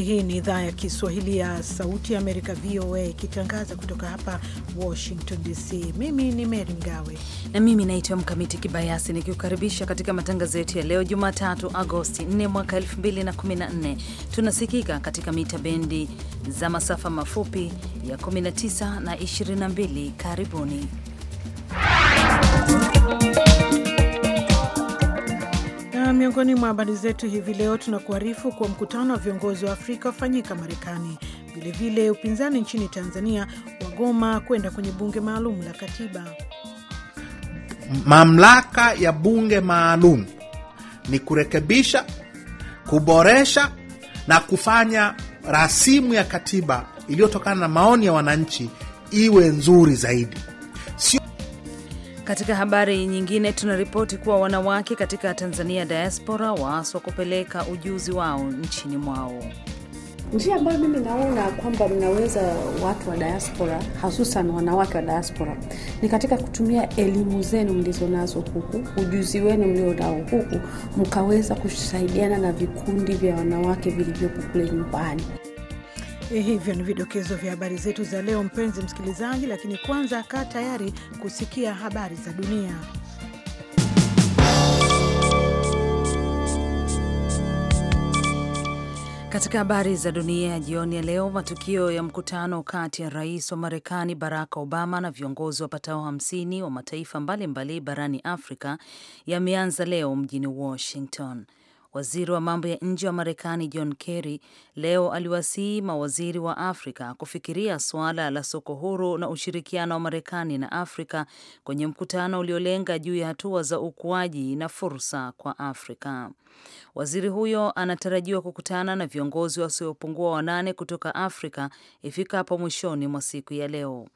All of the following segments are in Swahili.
Hii ni idhaa ya Kiswahili ya Sauti ya Amerika, VOA, ikitangaza kutoka hapa Washington DC. Mimi ni mery Mgawe na mimi naitwa Mkamiti Kibayasi, nikiukaribisha katika matangazo yetu ya leo Jumatatu, Agosti 4 mwaka 2014. Tunasikika katika mita bendi za masafa mafupi ya 19 na 22. Karibuni miongoni mwa habari zetu hivi leo tunakuarifu kuwa mkutano wa viongozi wa Afrika wafanyika Marekani. Vilevile upinzani nchini Tanzania wagoma kwenda kwenye bunge maalum la katiba. Mamlaka ya bunge maalum ni kurekebisha, kuboresha na kufanya rasimu ya katiba iliyotokana na maoni ya wananchi iwe nzuri zaidi. Katika habari nyingine, tunaripoti kuwa wanawake katika Tanzania diaspora waaswa kupeleka ujuzi wao nchini mwao. Njia ambayo mimi naona kwamba mnaweza watu wa diaspora, hasusan wanawake wa diaspora, ni katika kutumia elimu zenu mlizonazo huku, ujuzi wenu mlionao huku, mkaweza kusaidiana na vikundi vya wanawake vilivyopo kule nyumbani. Eh, hivyo ni vidokezo vya habari zetu za leo, mpenzi msikilizaji, lakini kwanza, kaa tayari kusikia habari za dunia. Katika habari za dunia ya jioni ya leo, matukio ya mkutano kati ya rais wa Marekani Barack Obama na viongozi wapatao hamsini wa mataifa mbalimbali mbali barani Afrika yameanza leo mjini Washington. Waziri wa mambo ya nje wa Marekani John Kerry leo aliwasihi mawaziri wa Afrika kufikiria suala la soko huru na ushirikiano wa Marekani na Afrika kwenye mkutano uliolenga juu ya hatua za ukuaji na fursa kwa Afrika. Waziri huyo anatarajiwa kukutana na viongozi wasiopungua wanane kutoka Afrika ifikapo mwishoni mwa siku ya leo.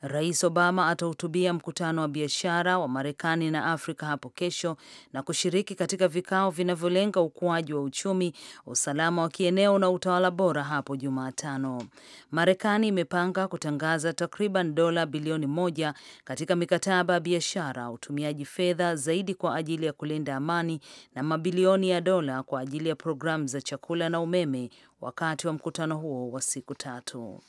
Rais Obama atahutubia mkutano wa biashara wa Marekani na Afrika hapo kesho na kushiriki katika vikao vinavyolenga ukuaji wa uchumi, usalama wa kieneo na utawala bora hapo Jumatano. Marekani imepanga kutangaza takriban dola bilioni moja katika mikataba ya biashara, utumiaji fedha zaidi kwa ajili ya kulinda amani na mabilioni ya dola kwa ajili ya programu za chakula na umeme wakati wa mkutano huo wa siku tatu.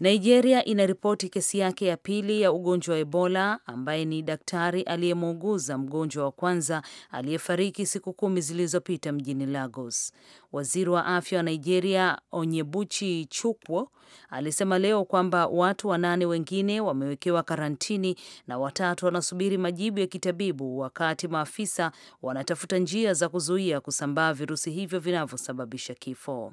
Nigeria inaripoti kesi yake ya pili ya ugonjwa wa Ebola, ambaye ni daktari aliyemuuguza mgonjwa wa kwanza aliyefariki siku kumi zilizopita mjini Lagos. Waziri wa afya wa Nigeria, Onyebuchi Chukwu, alisema leo kwamba watu wanane wengine wamewekewa karantini na watatu wanasubiri majibu ya kitabibu, wakati maafisa wanatafuta njia za kuzuia kusambaa virusi hivyo vinavyosababisha kifo.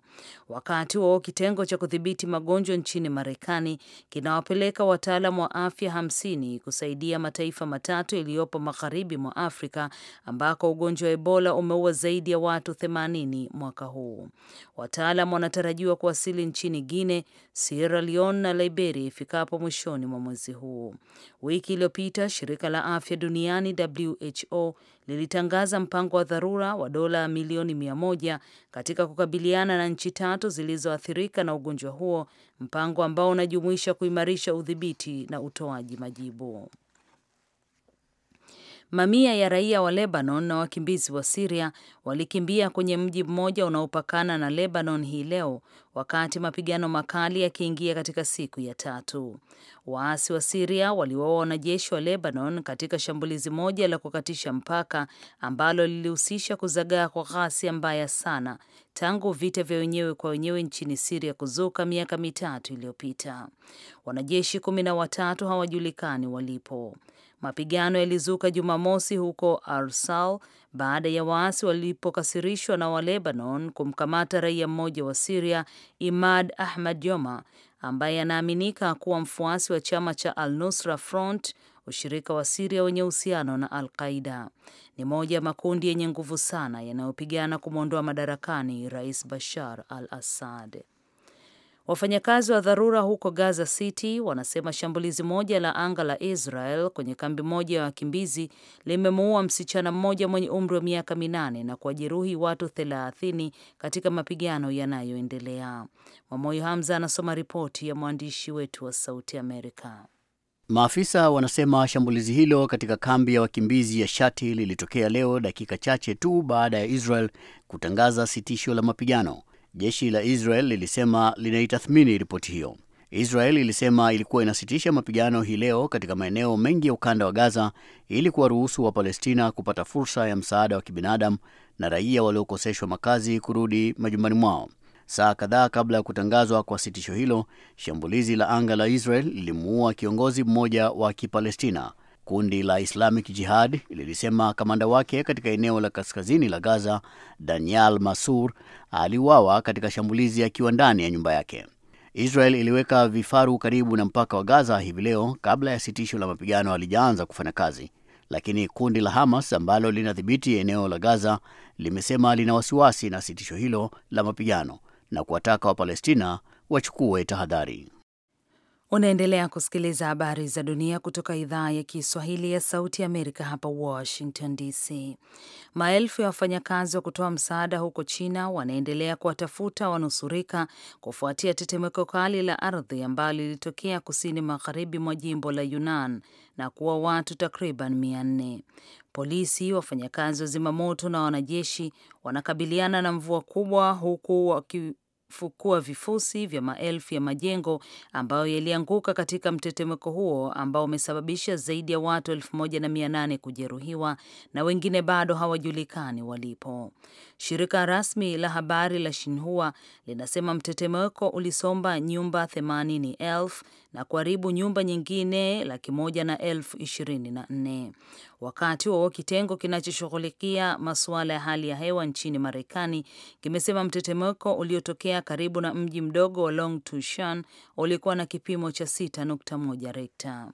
Wakati wao kitengo cha kudhibiti magonjwa nchini Marekani Marekani kinawapeleka wataalam wa afya hamsini kusaidia mataifa matatu yaliyopo magharibi mwa Afrika ambako ugonjwa wa Ebola umeua zaidi ya watu 80 mwaka huu. Wataalam wanatarajiwa kuwasili nchini guine Sierra Leone na Liberia ifikapo mwishoni mwa mwezi huu. Wiki iliyopita shirika la afya duniani WHO lilitangaza mpango wa dharura wa dola milioni mia moja katika kukabiliana na nchi tatu zilizoathirika na ugonjwa huo, mpango ambao unajumuisha kuimarisha udhibiti na utoaji majibu. Mamia ya raia wa Lebanon na wakimbizi wa Siria walikimbia kwenye mji mmoja unaopakana na Lebanon hii leo, wakati mapigano makali yakiingia katika siku ya tatu. Waasi wa Siria waliwaua wanajeshi wa Lebanon katika shambulizi moja la kukatisha mpaka ambalo lilihusisha kuzagaa kwa ghasia mbaya sana tangu vita vya wenyewe kwa wenyewe nchini Siria kuzuka miaka mitatu iliyopita. Wanajeshi kumi na watatu hawajulikani walipo. Mapigano yalizuka Jumamosi huko Arsal baada ya waasi walipokasirishwa na Walebanon kumkamata raia mmoja wa Siria, Imad Ahmad Yoma, ambaye anaaminika kuwa mfuasi wa chama cha Al Nusra Front, ushirika wa Siria wenye uhusiano na Al Qaida. Ni moja ya makundi yenye nguvu sana yanayopigana kumwondoa madarakani Rais Bashar al Assad. Wafanyakazi wa dharura huko Gaza City wanasema shambulizi moja la anga la Israel kwenye kambi moja ya wa wakimbizi limemuua msichana mmoja mwenye umri wa miaka minane na kuwajeruhi watu thelathini katika mapigano yanayoendelea. Mwamoyo Hamza anasoma ripoti ya mwandishi wetu wa Sauti Amerika. Maafisa wanasema shambulizi hilo katika kambi ya wakimbizi ya Shati lilitokea leo dakika chache tu baada ya Israel kutangaza sitisho la mapigano. Jeshi la Israel lilisema linaitathmini ripoti hiyo. Israel ilisema ilikuwa inasitisha mapigano hii leo katika maeneo mengi ya ukanda wa Gaza ili kuwaruhusu Wapalestina kupata fursa ya msaada wa kibinadamu na raia waliokoseshwa makazi kurudi majumbani mwao. Saa kadhaa kabla ya kutangazwa kwa sitisho hilo, shambulizi la anga la Israel lilimuua kiongozi mmoja wa Kipalestina. Kundi la Islamic Jihad lilisema kamanda wake katika eneo la kaskazini la Gaza, Daniel Masur, aliuawa katika shambulizi akiwa ndani ya nyumba yake. Israel iliweka vifaru karibu na mpaka wa Gaza hivi leo kabla ya sitisho la mapigano halijaanza kufanya kazi, lakini kundi la Hamas ambalo linadhibiti eneo la Gaza limesema lina wasiwasi na sitisho hilo la mapigano na kuwataka Wapalestina wachukue tahadhari. Unaendelea kusikiliza habari za dunia kutoka idhaa ya Kiswahili ya Sauti ya Amerika hapa Washington DC. Maelfu ya wafanyakazi wa kutoa msaada huko China wanaendelea kuwatafuta wanusurika kufuatia tetemeko kali la ardhi ambalo lilitokea kusini magharibi mwa jimbo la Yunnan na kuwa watu takriban mia nne. Polisi, wafanyakazi wa zimamoto na wanajeshi wanakabiliana na mvua kubwa huku waki fukua vifusi vya maelfu ya majengo ambayo yalianguka katika mtetemeko huo ambao umesababisha zaidi ya watu elfu moja na mia nane kujeruhiwa na wengine bado hawajulikani walipo. Shirika rasmi la habari la Shinhua linasema mtetemeko ulisomba nyumba themanini elfu na kuharibu nyumba nyingine laki moja na elfu ishirini na nne. Wakati huo kitengo kinachoshughulikia masuala ya hali ya hewa nchini Marekani kimesema mtetemeko uliotokea karibu na mji mdogo wa Long Tushan ulikuwa na kipimo cha 6.1 Rekta.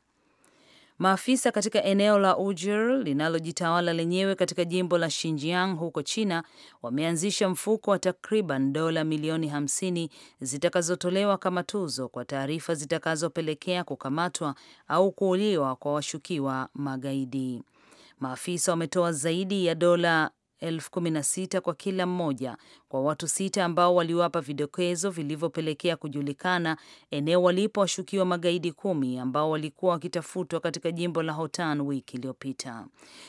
Maafisa katika eneo la Ujur linalojitawala lenyewe katika jimbo la Xinjiang huko China wameanzisha mfuko wa takriban dola milioni hamsini zitakazotolewa kama tuzo kwa taarifa zitakazopelekea kukamatwa au kuuliwa kwa washukiwa magaidi. Maafisa wametoa zaidi ya dola elfu kumi na sita kwa kila mmoja kwa watu sita ambao waliwapa vidokezo vilivyopelekea kujulikana eneo walipo washukiwa magaidi kumi ambao walikuwa wakitafutwa katika jimbo la Hotan wiki iliyopita.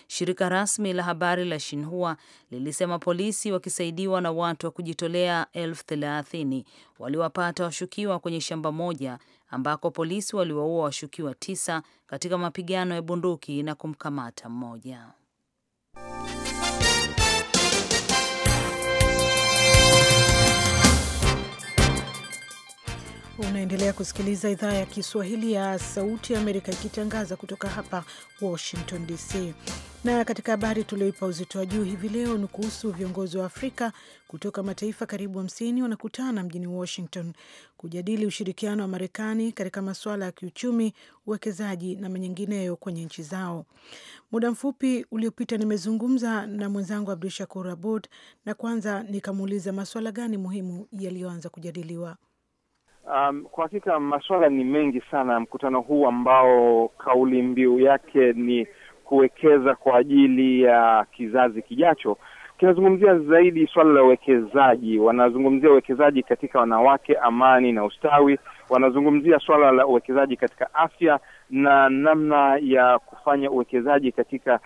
Shirika rasmi la habari la Shinhua lilisema polisi wakisaidiwa na watu wa kujitolea elfu thelathini waliwapata washukiwa kwenye shamba moja ambako polisi waliwaua washukiwa tisa katika mapigano ya bunduki na kumkamata mmoja. Unaendelea kusikiliza idhaa ya Kiswahili ya Sauti ya Amerika ikitangaza kutoka hapa Washington DC. Na katika habari tulioipa uzito wa juu hivi leo ni kuhusu viongozi wa Afrika kutoka mataifa karibu hamsini wanakutana mjini Washington kujadili ushirikiano wa Marekani katika masuala ya kiuchumi, uwekezaji na mengineo kwenye nchi zao. Muda mfupi uliopita nimezungumza na mwenzangu Abdu Shakur Abud, na kwanza nikamuuliza masuala gani muhimu yaliyoanza kujadiliwa. Um, kwa hakika maswala ni mengi sana mkutano huu ambao kauli mbiu yake ni kuwekeza kwa ajili ya kizazi kijacho kinazungumzia zaidi swala la uwekezaji. Wanazungumzia uwekezaji katika wanawake, amani na ustawi. Wanazungumzia swala la uwekezaji katika afya na namna ya kufanya uwekezaji katika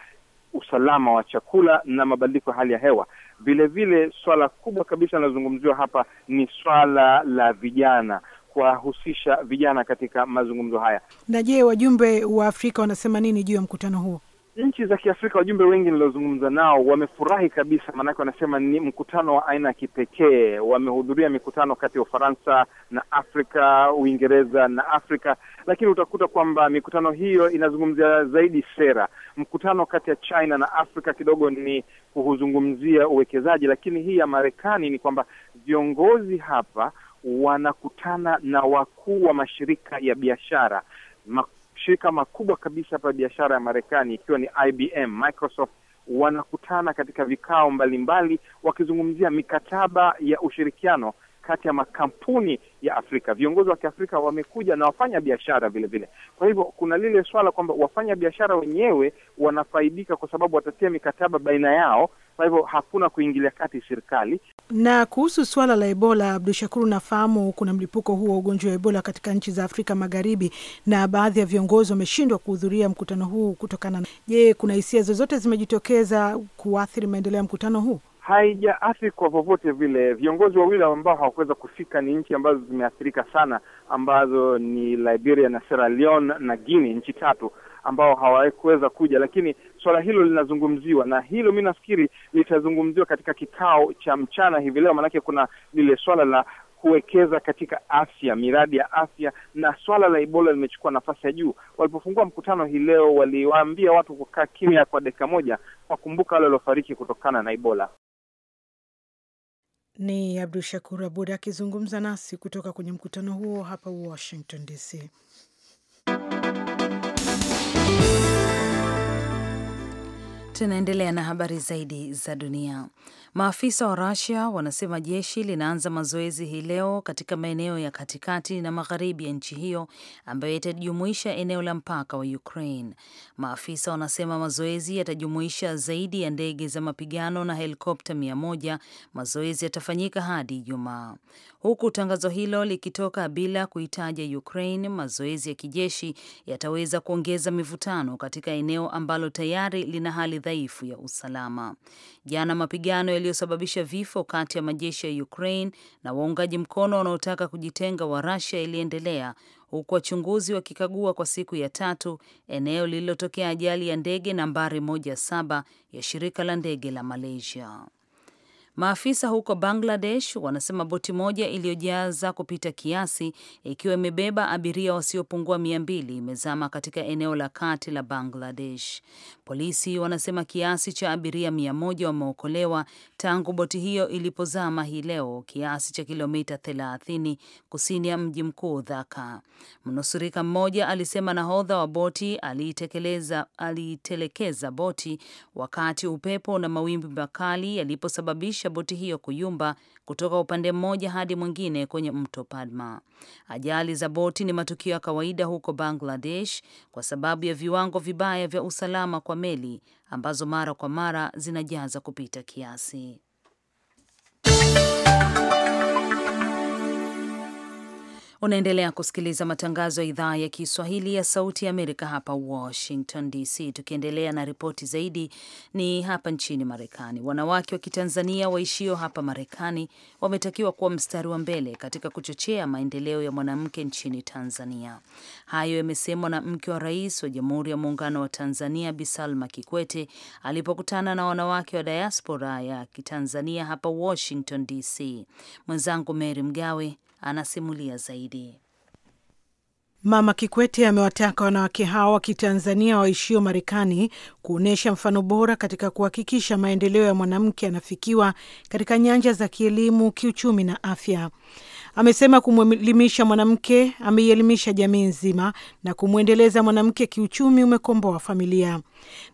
usalama wa chakula na mabadiliko ya hali ya hewa. Vilevile swala kubwa kabisa linazungumziwa hapa ni swala la vijana kuwahusisha vijana katika mazungumzo haya. Na je, wajumbe wa Afrika wanasema nini juu ya mkutano huo? nchi za Kiafrika, wajumbe wengi niliozungumza nao wamefurahi kabisa, maanake wanasema ni mkutano wa aina ya kipekee. Wamehudhuria mikutano kati ya Ufaransa na Afrika, Uingereza na Afrika, lakini utakuta kwamba mikutano hiyo inazungumzia zaidi sera. Mkutano kati ya China na Afrika kidogo ni kuhuzungumzia uwekezaji, lakini hii ya Marekani ni kwamba viongozi hapa wanakutana na wakuu wa mashirika ya biashara mashirika makubwa kabisa hapa biashara ya Marekani ikiwa ni IBM, Microsoft wanakutana katika vikao mbalimbali wakizungumzia mikataba ya ushirikiano kati ya makampuni ya Afrika. Viongozi wa Kiafrika wamekuja na wafanya biashara vile vile. Kwa hivyo kuna lile swala kwamba wafanya biashara wenyewe wanafaidika kwa sababu watatia mikataba baina yao, kwa hivyo hakuna kuingilia kati serikali. Na kuhusu swala la Ebola, Abdu Shakuru, nafahamu kuna mlipuko huu wa ugonjwa wa Ebola katika nchi za Afrika Magharibi na baadhi ya viongozi wameshindwa kuhudhuria mkutano huu kutokana na. Je, kuna hisia zozote zimejitokeza kuathiri maendeleo ya mkutano huu? haijaathiri kwa vovote vile. Viongozi wawili ambao hawakuweza kufika ni nchi ambazo zimeathirika sana, ambazo ni Liberia na Sierra Leone na Guinea, nchi tatu ambao hawakuweza kuja, lakini swala hilo linazungumziwa, na hilo mi nafikiri litazungumziwa katika kikao cha mchana hivi leo, maanake kuna lile swala la kuwekeza katika afya, miradi ya afya, na swala la Ebola limechukua nafasi ya juu. Walipofungua mkutano hii leo, waliwaambia watu kukaa kimya kwa dakika moja, wakumbuka wale waliofariki kutokana na Ebola. Ni Abdu Shakur Abud akizungumza nasi kutoka kwenye mkutano huo hapa Washington DC. Tunaendelea na habari zaidi za dunia. Maafisa wa rasia wanasema jeshi linaanza mazoezi hii leo katika maeneo ya katikati na magharibi ya nchi hiyo ambayo itajumuisha eneo la mpaka wa Ukraine. Maafisa wanasema mazoezi yatajumuisha zaidi ya ndege za mapigano na helikopta mia moja. Mazoezi yatafanyika hadi Ijumaa, huku tangazo hilo likitoka bila kuitaja Ukraine. Mazoezi ya kijeshi yataweza kuongeza mivutano katika eneo ambalo tayari lina hali madhaifu ya usalama. Jana mapigano yaliyosababisha vifo kati ya majeshi ya Ukraine na waungaji mkono wanaotaka kujitenga wa Russia iliendelea huku wachunguzi wakikagua kwa siku ya tatu eneo lililotokea ajali ya ndege nambari 17 ya shirika la ndege la Malaysia. Maafisa huko Bangladesh wanasema boti moja iliyojaza kupita kiasi ikiwa imebeba abiria wasiopungua mia mbili imezama katika eneo la kati la Bangladesh. Polisi wanasema kiasi cha abiria mia moja wameokolewa tangu boti hiyo ilipozama hii leo, kiasi cha kilomita 30 kusini ya mji mkuu Dhaka. Mnusurika mmoja alisema nahodha wa boti aliitelekeza boti wakati upepo na mawimbi makali yaliposababisha kusababisha boti hiyo kuyumba kutoka upande mmoja hadi mwingine kwenye mto Padma. Ajali za boti ni matukio ya kawaida huko Bangladesh kwa sababu ya viwango vibaya vya usalama kwa meli ambazo mara kwa mara zinajaza kupita kiasi. Unaendelea kusikiliza matangazo ya idhaa ya Kiswahili ya Sauti ya Amerika hapa Washington DC. Tukiendelea na ripoti zaidi, ni hapa nchini Marekani. Wanawake wa Kitanzania waishio hapa Marekani wametakiwa kuwa mstari wa mbele katika kuchochea maendeleo ya mwanamke nchini Tanzania. Hayo yamesemwa na mke wa rais wa Jamhuri ya Muungano wa Tanzania Bi Salma Kikwete alipokutana na wanawake wa diaspora ya Kitanzania hapa Washington DC. Mwenzangu Mary Mgawe anasimulia zaidi. Mama Kikwete amewataka wanawake hawa wa Kitanzania waishio Marekani kuonyesha mfano bora katika kuhakikisha maendeleo ya mwanamke anafikiwa katika nyanja za kielimu, kiuchumi na afya. Amesema kumwelimisha mwanamke ameielimisha jamii nzima na kumwendeleza mwanamke kiuchumi umekomboa familia.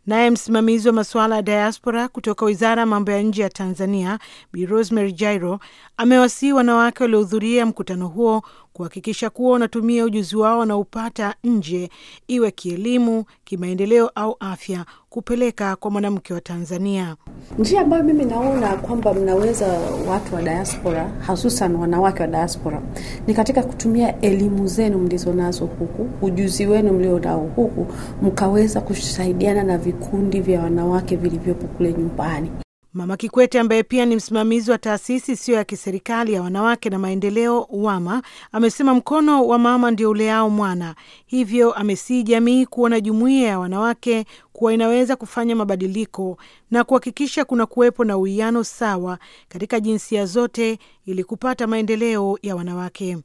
Naye msimamizi wa masuala ya diaspora kutoka wizara ya mambo ya nje ya Tanzania, Bi Rosemary Jairo, amewasihi wanawake waliohudhuria mkutano huo kuhakikisha kuwa wanatumia ujuzi wao upata nje, iwe kielimu, kimaendeleo au afya, kupeleka kwa mwanamke wa Tanzania. Njia ambayo mimi naona kwamba mnaweza watu wa diaspora, hususan wanawake wa diaspora, ni katika kutumia elimu zenu mlizonazo huku, ujuzi wenu mlionao huku, mkaweza kusaidiana na vikundi vya wanawake vilivyopo kule nyumbani. Mama Kikwete ambaye pia ni msimamizi wa taasisi isiyo ya kiserikali ya wanawake na maendeleo WAMA amesema mkono wa mama ndio uleao mwana, hivyo amesii jamii kuona jumuiya ya wanawake kuwa inaweza kufanya mabadiliko na kuhakikisha kuna kuwepo na uwiano sawa katika jinsia zote ili kupata maendeleo ya wanawake.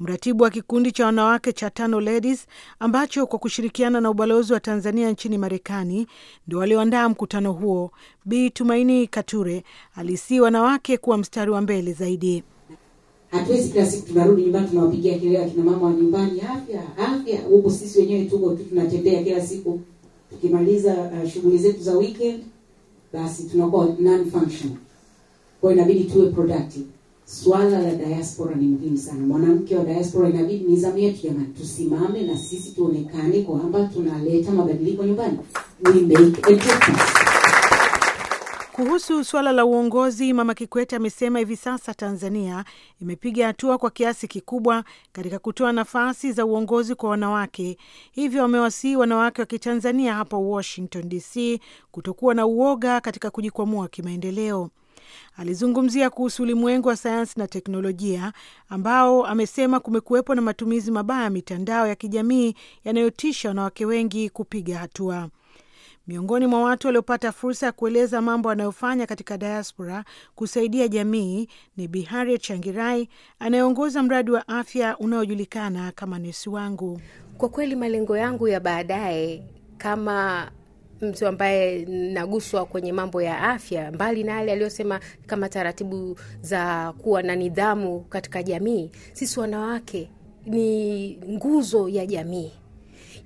Mratibu wa kikundi cha wanawake cha Tano Ladies ambacho kwa kushirikiana na ubalozi wa Tanzania nchini Marekani ndio walioandaa mkutano huo, Bi Tumaini Kature alisii wanawake kuwa mstari wa mbele zaidi. Hatuwezi kila siku tunarudi nyumbani tunawapigia kelele akina mama wa nyumbani, afya afya, huku sisi wenyewe tuko tu tunatembea kila siku. Tukimaliza uh, shughuli zetu za weekend, basi tunakuwa non functional, kwa hiyo inabidi tuwe productive Swala la diaspora ni muhimu sana. Mwanamke wa diaspora inabidi ni zamu yetu jamani, tusimame na sisi tuonekane kwamba tunaleta mabadiliko nyumbani. We make a difference. Kuhusu suala la uongozi, Mama Kikwete amesema hivi sasa Tanzania imepiga hatua kwa kiasi kikubwa katika kutoa nafasi za uongozi kwa wanawake. Hivyo wamewasihi wanawake wa Kitanzania hapa Washington DC kutokuwa na uoga katika kujikwamua kimaendeleo. Alizungumzia kuhusu ulimwengu wa sayansi na teknolojia ambao amesema kumekuwepo na matumizi mabaya ya mitandao ya kijamii yanayotisha wanawake wengi kupiga hatua. Miongoni mwa watu waliopata fursa ya kueleza mambo anayofanya katika diaspora kusaidia jamii ni Bihari Changirai anayeongoza mradi wa afya unaojulikana kama Nesi Wangu. Kwa kweli malengo yangu ya baadaye kama mtu ambaye naguswa kwenye mambo ya afya, mbali na yale aliyosema kama taratibu za kuwa na nidhamu katika jamii, sisi wanawake ni nguzo ya jamii.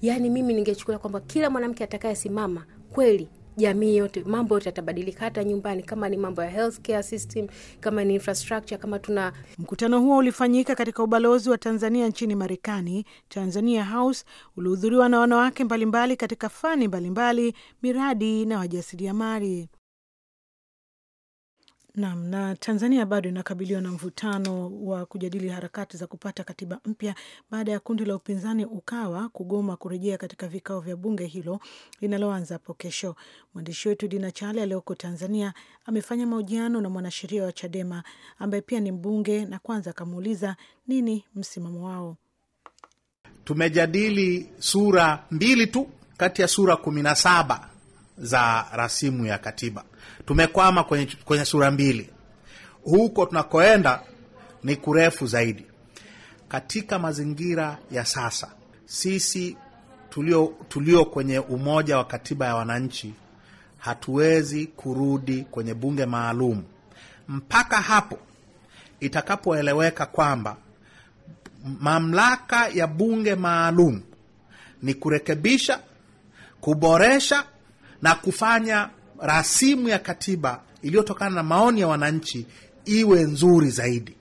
Yaani mimi ningechukulia kwamba kila mwanamke atakayesimama kweli jamii yote, mambo yote yatabadilika, hata nyumbani, kama ni mambo ya healthcare system, kama ni infrastructure, kama tuna. Mkutano huo ulifanyika katika ubalozi wa Tanzania nchini Marekani, Tanzania House, uliohudhuriwa na wanawake mbalimbali katika fani mbalimbali, miradi na wajasiriamali. Naam, na Tanzania bado inakabiliwa na mvutano wa kujadili harakati za kupata katiba mpya baada ya kundi la upinzani Ukawa kugoma kurejea katika vikao vya bunge hilo linaloanza hapo kesho. Mwandishi wetu Dina Chale aliyoko Tanzania amefanya mahojiano na mwanasheria wa Chadema ambaye pia ni mbunge, na kwanza akamuuliza nini msimamo wao. Tumejadili sura mbili tu kati ya sura kumi na saba za rasimu ya katiba. Tumekwama kwenye, kwenye sura mbili. Huko tunakoenda ni kurefu zaidi. Katika mazingira ya sasa, sisi tulio, tulio kwenye umoja wa katiba ya wananchi hatuwezi kurudi kwenye bunge maalum mpaka hapo itakapoeleweka kwamba mamlaka ya bunge maalum ni kurekebisha, kuboresha na kufanya rasimu ya katiba iliyotokana na maoni ya wananchi iwe nzuri zaidi,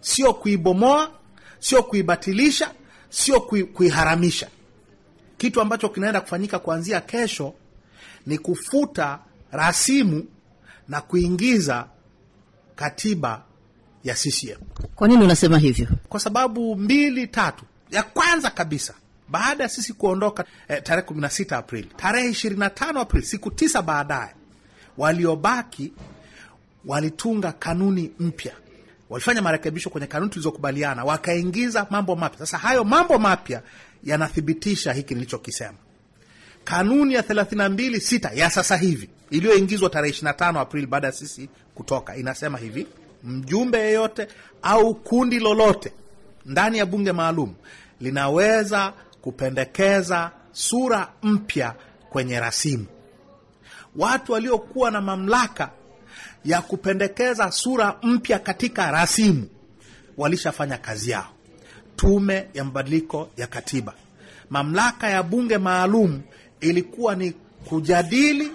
sio kuibomoa, sio kuibatilisha, sio kuiharamisha. Kitu ambacho kinaenda kufanyika kuanzia kesho ni kufuta rasimu na kuingiza katiba ya CCM. Kwa nini unasema hivyo? Kwa sababu mbili tatu. Ya kwanza kabisa baada ya sisi kuondoka eh, tarehe 16 Aprili, tarehe 25 Aprili, siku tisa baadaye, waliobaki walitunga kanuni mpya, walifanya marekebisho kwenye kanuni tulizokubaliana, wakaingiza mambo mapya. Sasa hayo mambo mapya yanathibitisha hiki nilichokisema. Kanuni ya 326 sita ya sasa hivi iliyoingizwa tarehe 25 Aprili baada ya sisi kutoka inasema hivi: mjumbe yeyote au kundi lolote ndani ya bunge maalum linaweza kupendekeza sura mpya kwenye rasimu. Watu waliokuwa na mamlaka ya kupendekeza sura mpya katika rasimu walishafanya kazi yao. Tume ya mabadiliko ya katiba, mamlaka ya bunge maalum ilikuwa ni kujadili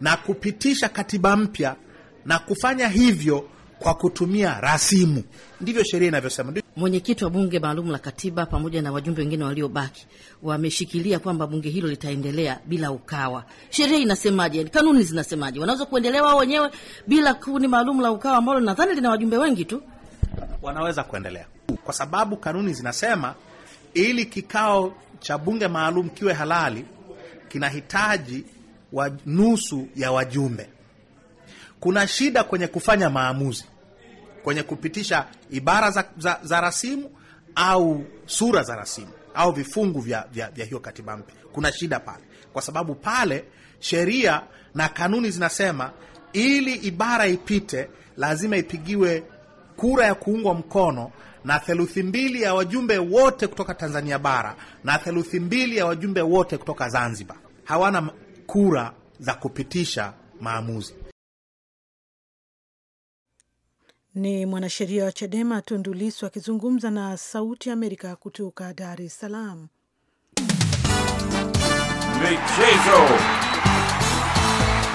na kupitisha katiba mpya, na kufanya hivyo kwa kutumia rasimu. Ndivyo sheria inavyosema mwenyekiti wa bunge maalum la katiba pamoja na wajumbe wengine waliobaki wameshikilia kwamba bunge hilo litaendelea bila Ukawa. Sheria inasemaje? Yaani, kanuni zinasemaje? Wanaweza kuendelea wao wenyewe bila kundi maalum la Ukawa ambalo nadhani lina wajumbe wengi tu. Wanaweza kuendelea kwa sababu kanuni zinasema, ili kikao cha bunge maalum kiwe halali kinahitaji wa nusu ya wajumbe. Kuna shida kwenye kufanya maamuzi kwenye kupitisha ibara za, za, za rasimu au sura za rasimu au vifungu vya, vya, vya hiyo katiba mpya. Kuna shida pale, kwa sababu pale sheria na kanuni zinasema ili ibara ipite lazima ipigiwe kura ya kuungwa mkono na theluthi mbili ya wajumbe wote kutoka Tanzania bara na theluthi mbili ya wajumbe wote kutoka Zanzibar. Hawana kura za kupitisha maamuzi. Ni mwanasheria wa Chadema Tundu Lissu akizungumza na Sauti ya Amerika kutoka Dar es Salaam. Michezo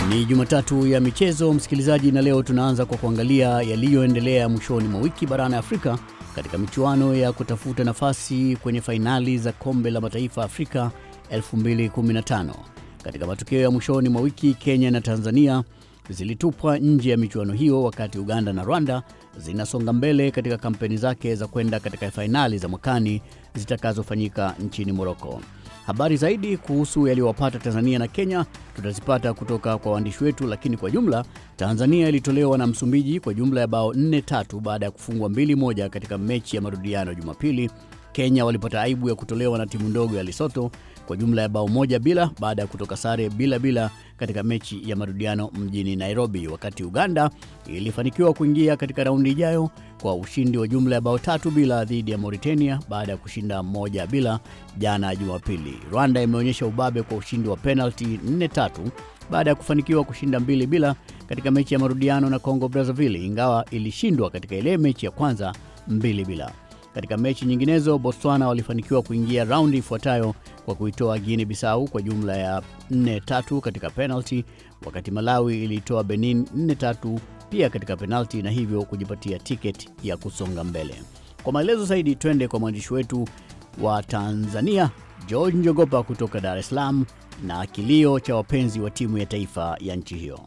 ni Jumatatu ya michezo, msikilizaji, na leo tunaanza kwa kuangalia yaliyoendelea mwishoni mwa wiki barani Afrika katika michuano ya kutafuta nafasi kwenye fainali za kombe la mataifa Afrika 2015. Katika matokeo ya mwishoni mwa wiki, Kenya na Tanzania zilitupwa nje ya michuano hiyo, wakati Uganda na Rwanda zinasonga mbele katika kampeni zake za kwenda katika fainali za mwakani zitakazofanyika nchini Moroko. Habari zaidi kuhusu yaliyowapata Tanzania na Kenya tutazipata kutoka kwa waandishi wetu, lakini kwa jumla Tanzania ilitolewa na Msumbiji kwa jumla ya bao 4 3 baada ya kufungwa mbili moja katika mechi ya marudiano Jumapili. Kenya walipata aibu ya kutolewa na timu ndogo ya Lesotho kwa jumla ya bao moja bila baada ya kutoka sare bila bila katika mechi ya marudiano mjini Nairobi, wakati Uganda ilifanikiwa kuingia katika raundi ijayo kwa ushindi wa jumla ya bao tatu bila dhidi ya Mauritania baada ya kushinda moja bila jana Jumapili. Rwanda imeonyesha ubabe kwa ushindi wa penalti 4 tatu baada ya kufanikiwa kushinda mbili bila katika mechi ya marudiano na Congo Brazzaville, ingawa ilishindwa katika ile mechi ya kwanza mbili bila. Katika mechi nyinginezo, Botswana walifanikiwa kuingia raundi ifuatayo kwa kuitoa Guinea Bissau kwa jumla ya 4-3 katika penalti, wakati Malawi iliitoa Benin 4-3 pia katika penalti na hivyo kujipatia tiketi ya kusonga mbele. Kwa maelezo zaidi, twende kwa mwandishi wetu wa Tanzania George Njogopa kutoka Dar es Salaam na kilio cha wapenzi wa timu ya taifa ya nchi hiyo.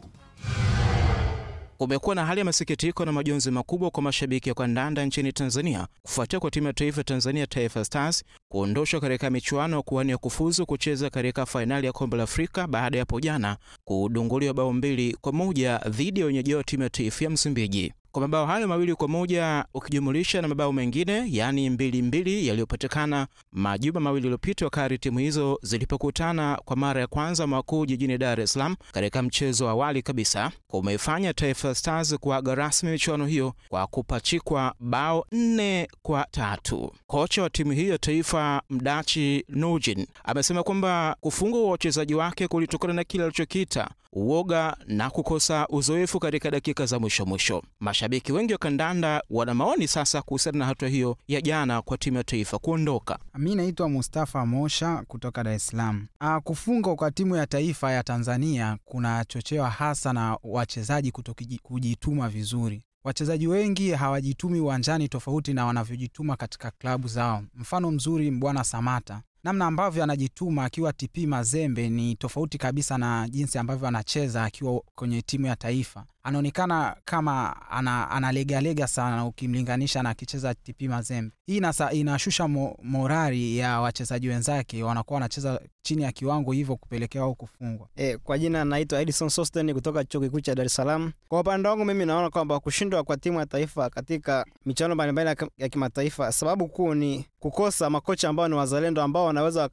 Kumekuwa na hali ya masikitiko na majonzi makubwa kwa mashabiki ya kandanda nchini Tanzania kufuatia kwa timu ya taifa Tanzania Taifa Stars kuondoshwa katika michuano ya kuwania kufuzu kucheza katika fainali ya kombe la Afrika baada ya hapo jana kudunguliwa bao mbili kwa moja dhidi ya wenyeji wa timu ya taifa ya Msumbiji kwa mabao hayo mawili kwa moja ukijumulisha na mabao mengine yaani mbili mbili yaliyopatikana majuma mawili yaliyopita wakati timu hizo zilipokutana kwa mara ya kwanza mwakuu jijini Dar es Salaam katika mchezo wa awali kabisa, kumeifanya Taifa Stars kuaga rasmi michuano hiyo kwa kupachikwa bao nne kwa tatu. Kocha wa timu hiyo taifa Mdachi Nujin amesema kwamba kufungwa wa wachezaji wake kulitokana na kile alichokita uoga na kukosa uzoefu katika dakika za mwisho mwisho. Mashabiki wengi wa kandanda wana maoni sasa kuhusiana na hatua hiyo ya jana kwa timu ya taifa kuondoka. Mi naitwa Mustafa Mosha kutoka Dar es ah, kufunga Kufungwa kwa timu ya taifa ya Tanzania kunachochewa hasa na wachezaji kutokujituma vizuri. Wachezaji wengi hawajitumi uwanjani tofauti na wanavyojituma katika klabu zao. Mfano mzuri Mbwana Samata, namna ambavyo anajituma akiwa TP Mazembe ni tofauti kabisa na jinsi ambavyo anacheza akiwa kwenye timu ya taifa anaonekana kama analegalega ana, sana ukimlinganisha na akicheza TP Mazembe. Hii nasa, inashusha mo, morari ya wachezaji wenzake, wanakuwa wanacheza chini ya kiwango, hivyo kupelekea au kufungwa. E, kwa jina naitwa Edison Sosten kutoka chuo kikuu cha Dar es Kwa upande wangu mimi naona kwamba kushindwa kwa timu ya taifa katika michano mbalimbali ya kimataifa, sababu kuu ni kukosa makocha ambao ni wazalendo ambao wanaweza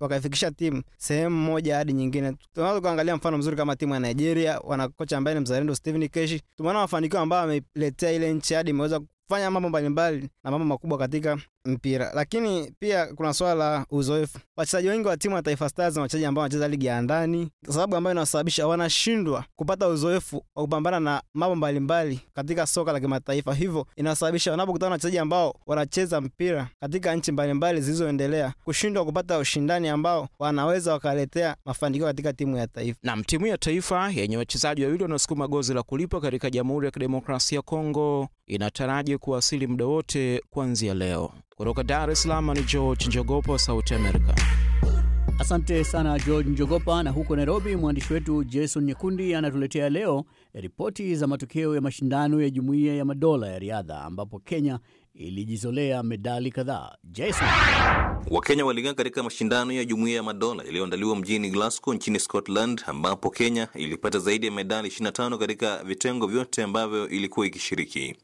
wakaifikisha timu sehemu moja hadi nyingine. Tunaweza kuangalia mfano mzuri kama timu ya Nigeria, wana kocha ambaye ni mzalendo Stephen tumeona mafanikio ambayo ameletea ile nchi hadi imeweza kufanya mambo mbalimbali na mambo makubwa katika mpira, lakini pia kuna swala la uzoefu. Wachezaji wengi wa timu ya Taifa Stars na wachezaji ambao wanacheza ligi ya ndani, sababu ambayo inasababisha wanashindwa kupata uzoefu wa kupambana na mambo mbalimbali katika soka la kimataifa, hivyo inasababisha wanapokutana na wachezaji ambao wanacheza mpira katika nchi mbalimbali zilizoendelea kushindwa kupata ushindani ambao wanaweza wakaletea mafanikio katika timu ya taifa. nam timu ya taifa yenye wachezaji wawili wanaosukuma gozi la kulipa katika Jamhuri ya Kidemokrasia ya Kongo inataraji kuwasili muda wote kuanzia leo. Kutoka Dar es Salaam ni George Njogopa, Sauti Amerika. Asante sana George Njogopa. Na huko Nairobi, mwandishi wetu Jason Nyekundi anatuletea leo ripoti za matokeo ya mashindano ya Jumuiya ya Madola ya riadha ambapo Kenya ilijizolea medali kadhaa. Jason. Wakenya waling'aa katika mashindano ya Jumuiya ya Madola yaliyoandaliwa mjini Glasgow nchini Scotland, ambapo Kenya ilipata zaidi ya medali 25 katika vitengo vyote ambavyo ilikuwa ikishiriki.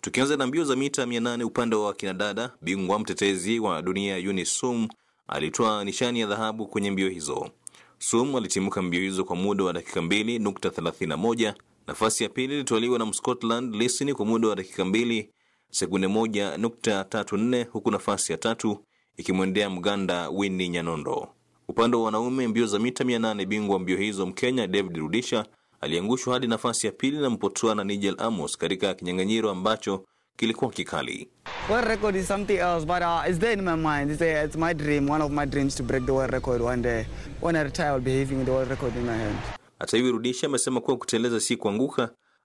Tukianza na mbio za mita 800 upande wa kinadada, bingwa mtetezi wa dunia Yuni Sum alitoa nishani ya dhahabu kwenye mbio hizo. Sum alitimuka mbio hizo kwa muda wa dakika 2 nukta 31. Nafasi ya pili ilitwaliwa na Mscotland Lisini kwa muda wa dakika 2 sekunde 1 nukta 34, huku nafasi ya tatu ikimwendea Mganda Winnie Nyanondo. Upande wa wanaume mbio za mita 800, bingwa mbio hizo Mkenya David Rudisha aliangushwa hadi nafasi ya pili na Mbotswana Nigel Amos katika kinyang'anyiro ambacho kilikuwa kikali. World record is something else but uh, it's there in my mind. It's, a, uh, it's my dream, one of my dreams to break the world record one day. When I retire I'll be having the world record in my hand. Hata hivyo Rudisha amesema kuwa kuteleza si kuanguka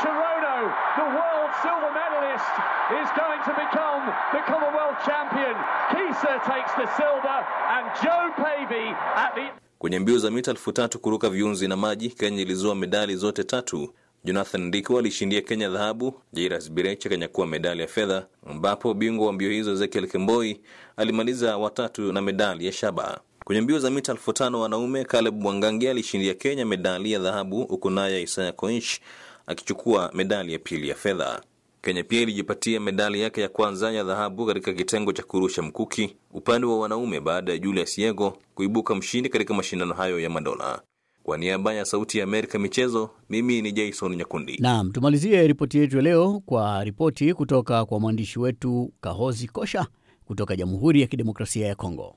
Chirono, the world silver medalist, is going to become the Commonwealth champion. Kisa takes the silver and Joe Pavey at the... Kwenye mbio za mita elfu tatu kuruka viunzi na maji, Kenya ilizua medali zote tatu. Jonathan Ndiko alishindia Kenya dhahabu, Jairus kenya akanyakua medali ya fedha, ambapo bingwa wa mbio hizo Ezekiel Kemboi alimaliza watatu na medali ya shaba. Kwenye mbio za mita elfu tano wanaume, Caleb Mwangangi alishindia Kenya medali ya dhahabu, huku naye Isaya Koish akichukua medali ya pili ya fedha. Kenya pia ilijipatia medali yake ya kwanza ya dhahabu katika kitengo cha kurusha mkuki upande wa wanaume baada ya Julius Yego kuibuka mshindi katika mashindano hayo ya madola. Kwa niaba ya Sauti ya Amerika michezo, mimi ni Jason Nyakundi. Naam, tumalizie ripoti yetu ya leo kwa ripoti kutoka kwa mwandishi wetu Kahozi Kosha kutoka Jamhuri ya Kidemokrasia ya Kongo.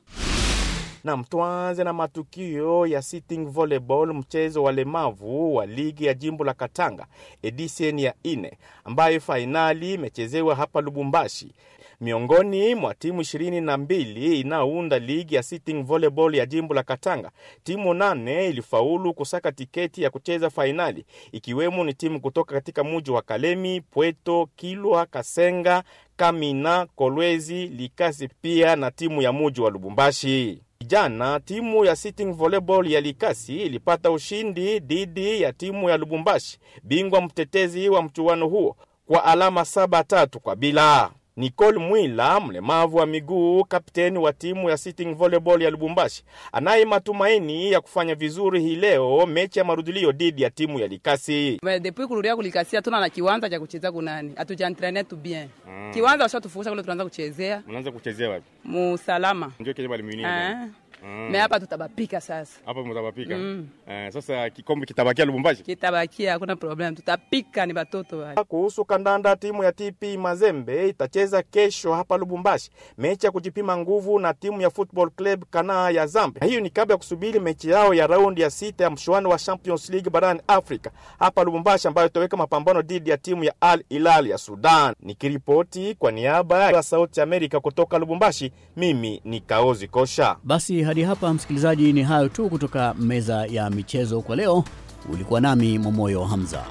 Nam, tuanze na matukio ya sitting volleyball, mchezo wa lemavu wa ligi ya jimbo la Katanga edition ya ine ambayo fainali imechezewa hapa Lubumbashi. Miongoni mwa timu ishirini na mbili inayounda ligi ya sitting volleyball ya jimbo la Katanga, timu nane ilifaulu kusaka tiketi ya kucheza fainali, ikiwemo ni timu kutoka katika muji wa Kalemi, Pweto, Kilwa, Kasenga, Kamina, Kolwezi, Likasi pia na timu ya muji wa Lubumbashi. Jana timu ya Sitting Volleyball ya Likasi ilipata ushindi dhidi ya timu ya Lubumbashi, bingwa mtetezi wa mchuano huo kwa alama saba tatu kwa bila. Nicole Mwila, mlemavu wa miguu, kapteni wa timu ya Sitting Volleyball ya Lubumbashi, anaye matumaini ya kufanya vizuri hii leo mechi ya marudhulio dhidi ya timu ya Likasi. Depuis kurudia kulikasi hatuna na kiwanza cha kucheza kunani. Hatujaentraîner tu bien. Mm. Kiwanja washatufusha kule tunaanza kuchezea. Mnaanza kuchezea wapi? Musalama. Ndio kile bali mwenyewe. Eh mm. Hapa tutabapika sasa, hapa mtabapika mm. Eh, sasa kikombe kitabakia Lubumbashi, kitabakia hakuna problem, tutapika ni batoto. Kuhusu kandanda, timu ya TP Mazembe itacheza kesho hapa Lubumbashi mechi ya kujipima nguvu na timu ya Football Club Kana ya Zambia. Hiyo ni kabla ya kusubiri mechi yao ya raundi ya sita ya mshuano wa Champions League barani Afrika hapa Lubumbashi, ambayo itaweka mapambano dhidi ya timu ya Al Hilal ya Sudan. Nikiripoti kwa niaba ya Sauti Amerika kutoka Lubumbashi, mimi ni Kaozi Kosha. Basi hadi hapa, msikilizaji, ni hayo tu kutoka meza ya michezo kwa leo. Ulikuwa nami Momoyo Hamza.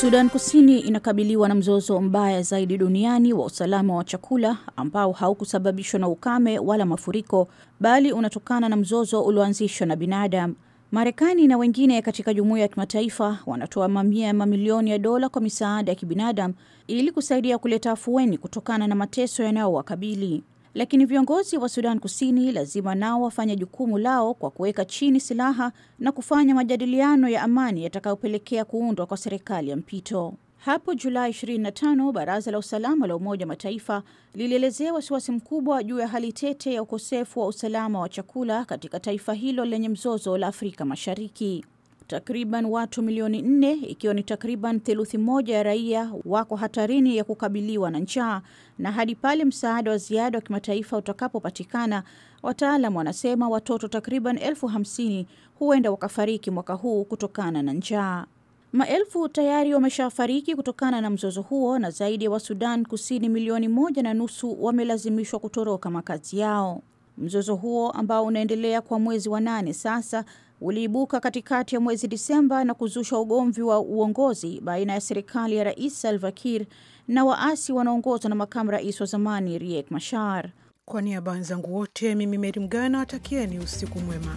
Sudan Kusini inakabiliwa na mzozo mbaya zaidi duniani wa usalama wa chakula ambao haukusababishwa na ukame wala mafuriko, bali unatokana na mzozo ulioanzishwa na binadamu. Marekani na wengine katika jumuiya ya kimataifa wanatoa mamia ya mamilioni ya dola kwa misaada ya kibinadamu ili kusaidia kuleta afueni kutokana na mateso yanayowakabili. Lakini viongozi wa Sudan Kusini lazima nao wafanye jukumu lao kwa kuweka chini silaha na kufanya majadiliano ya amani yatakayopelekea kuundwa kwa serikali ya mpito. Hapo Julai 25 baraza la usalama la Umoja wa Mataifa lilielezea wasiwasi mkubwa juu ya hali tete ya ukosefu wa usalama wa chakula katika taifa hilo lenye mzozo la Afrika Mashariki. Takriban watu milioni nne ikiwa ni takriban theluthi moja ya raia wako hatarini ya kukabiliwa na njaa, na hadi pale msaada wa ziada wa kimataifa utakapopatikana, wataalam wanasema watoto takriban elfu hamsini huenda wakafariki mwaka huu kutokana na njaa. Maelfu tayari wameshafariki kutokana na mzozo huo na zaidi ya wa Wasudan Kusini milioni moja na nusu wamelazimishwa kutoroka makazi yao. Mzozo huo ambao unaendelea kwa mwezi wa nane sasa uliibuka katikati ya mwezi Disemba na kuzusha ugomvi wa uongozi baina ya serikali ya Rais Salva Kiir na waasi wanaongozwa na makamu rais wa zamani Riek Machar. Kwa niaba wenzangu wote, mimi Meri Mgana watakieni usiku mwema.